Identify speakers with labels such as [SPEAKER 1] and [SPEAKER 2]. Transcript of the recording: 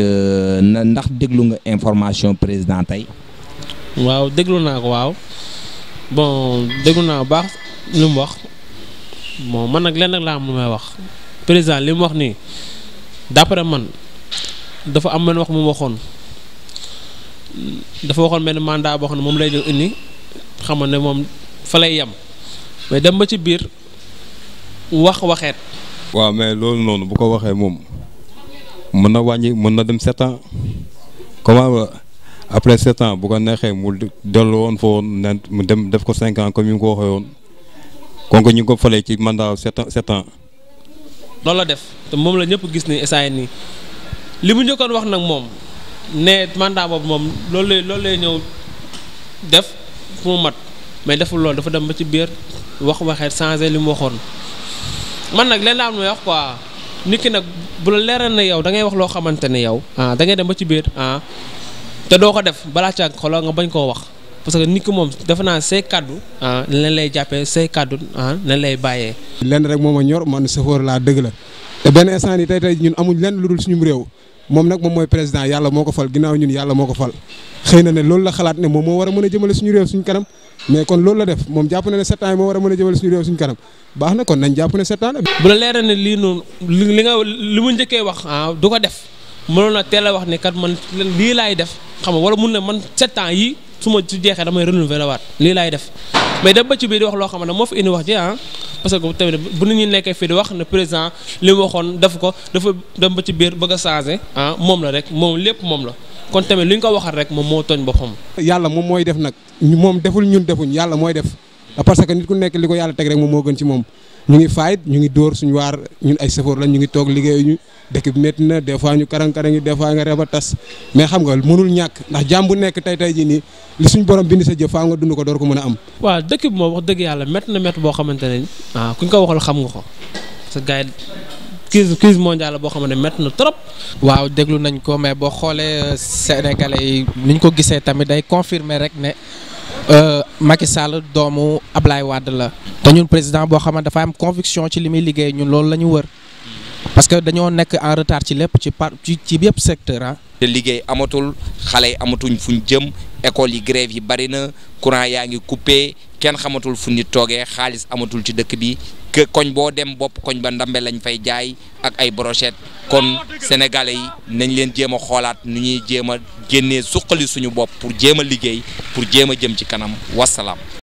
[SPEAKER 1] Euh, ndax déglu nga information président tey.
[SPEAKER 2] waaw déglu naa ko waaw bon déglu naa bu baax li mu wax bon mën nag lenn laa am lu may wax président li mu wax nii d'après man dafa am benn wax mu waxoon dafa waxoon mel ni màndaa boo xam ne moom lay jël indi xam ne moom fa lay yem mais dem ba ci biir wax waxeet.
[SPEAKER 1] waaw mais loolu noonu bu ko waxee moom. mën na wàññi mën na dem sept ans comment après sept ans bu ko neexee mu dellu woon foo ne mu dem def ko cinq ans comme ni ko waxee woon kon ñu ngi ko falee ci mandat sept ans sept ans.
[SPEAKER 2] loolu la def te moom la ñëpp gis ni SAE nii li mu njëkkoon wax nag moom ne mandat boobu moom loolu lay loolu lay ñëw def fu mu mat mais deful loolu dafa dem ba ci biir wax waxee changé li mu waxoon man nag leen la am may wax quoi. nit nag bu la leeral na yow da ngay wax loo xamante ne yow ah da dem ba ci biir ah te doo ko def balaa caag xoolal nga bañ koo wax parce que nit moom defe naa say kàddu ah lan lay jàppee say kaddu ah lan lay bàyyee.
[SPEAKER 1] lenn rek moom a ñor man chauffeur laa dëgg la te benn instant yi tey tey ñun amuñ leen lu dul suñu réew. moom nag moom mooy président yàlla moo ko fal ginnaaw ñun yàlla moo ko fal xëy na ne loolu la xalaat ne moom moo war a mën a jëmale suñu réew suñu kanam mais kon loolu na ne sept ans yi a a jëmale suñu réew suñu baax na kon nañ jàpp ne sept ans bu
[SPEAKER 2] la leera ne lii noonu li nga li mu njëkkee wax ah du ko def mënoon na teel a wax ne kat man lii laay def xam nga wala mun ne man sept ans yi su ma su jeexee damay renouveler waat lii laay def mais da bëcc bi di wax loo xam ne moo fi indi wax ji ah parce que tamit bu nit ñuy nekkee fii di wax na président li waxoon def ko dafa dem ba ci biir bëgg a changé ah moom la rek moom lépp moom la kon tamit li ñu ko waxal rek moom moo tooñ boppam.
[SPEAKER 1] yàlla moom mooy def nag moom deful ñun defuñ yàlla mooy def. parce que nit ku nekk li ko yàlla teg rek moom moo gën ci moom ñu ngi faayit ñu ngi dóor suñu waar ñun ay safoor lañ ngi toog liggéeyuñu dëkk bi métti na des fois ñu karang-karang yi des fois nga reba tas mais xam nga mënul ñàkk ndax jàmm bu nekk tey tey ji nii li suñ borom bind sa jëf faa nga dund ko door ko mën a am
[SPEAKER 2] waaw dëkk bi moom wax dëgg yàlla métti na métti boo xamante ne ah kuñ ko waxal xam nga ko parce que gars yi crise boo xam ne métti na trop waaw déglu nañ ko mais boo xoolee euh, sénégalais yi niñ ko gisee tamit day confirmer rek ne Euh, Macky Sall doomu Ablaye Wade la te ñun président boo xam ne dafa am conviction ci li muy liggéey ñun loolu la ñu wër parce que dañoo nekk en retard ci lépp ci par ci ci yëpp secteur
[SPEAKER 1] ah. te liggéey amatul xale yi amatuñ fu ñu jëm école yi grève yi bari na courant yaa ngi coupé kenn xamatul fu nit toogee xaalis amatul ci dëkk bi koñ boo dem bopp koñ ba ndambe lañ fay jaay ak ay brochette kon sénégalais yi nañ leen jéem a xoolaat nu ñuy jéem a génnee suqali suñu bopp pour jéem a liggéey pour jéem a jëm ci kanam wasalaam.